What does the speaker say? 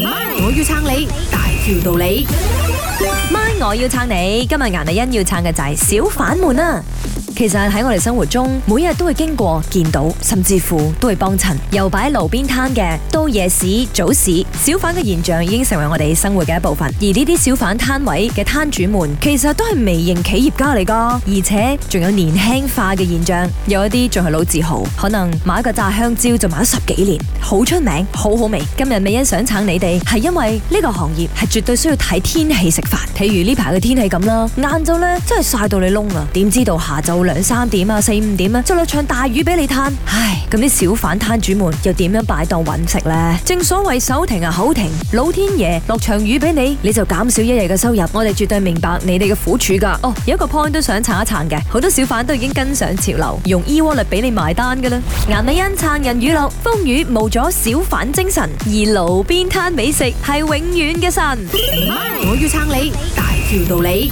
媽，我要撐你，大條道理。媽，我要撐你，今日顏麗欣要撐嘅就係小販們啦。其實喺我哋生活中，每日都會經過、見到，甚至乎都會幫襯。又擺喺路邊攤嘅，到夜市、早市，小販嘅現象已經成為我哋生活嘅一部分。而呢啲小販攤位嘅攤主們，其實都係微型企業家嚟㗎，而且仲有年輕化嘅現象，有一啲仲係老字號，可能買一個炸香蕉就買咗十幾年，好出名，好好味。今日美欣想請你哋，係因為呢個行業係絕對需要睇天氣食飯。譬如呢排嘅天氣咁啦，晏晝呢，真係曬到你窿喇，點知道下晝？兩三點啊，四五點啊，就落場大雨俾你嘆。唉，咁啲小販攤主們又點樣擺檔搵食呢？正所謂手停啊口停，老天爺落場雨俾你，你就減少一日嘅收入。我哋絕對明白你哋嘅苦處噶。哦，oh，有一個 point 都想撐一撐嘅，好多小販都已經跟上潮流，用 e-wallet 嚟俾你埋單噶啦。顏美欣撐人雨落，風雨冇咗小販精神，而路邊攤美食係永遠嘅神。我要撐你，你大條道理。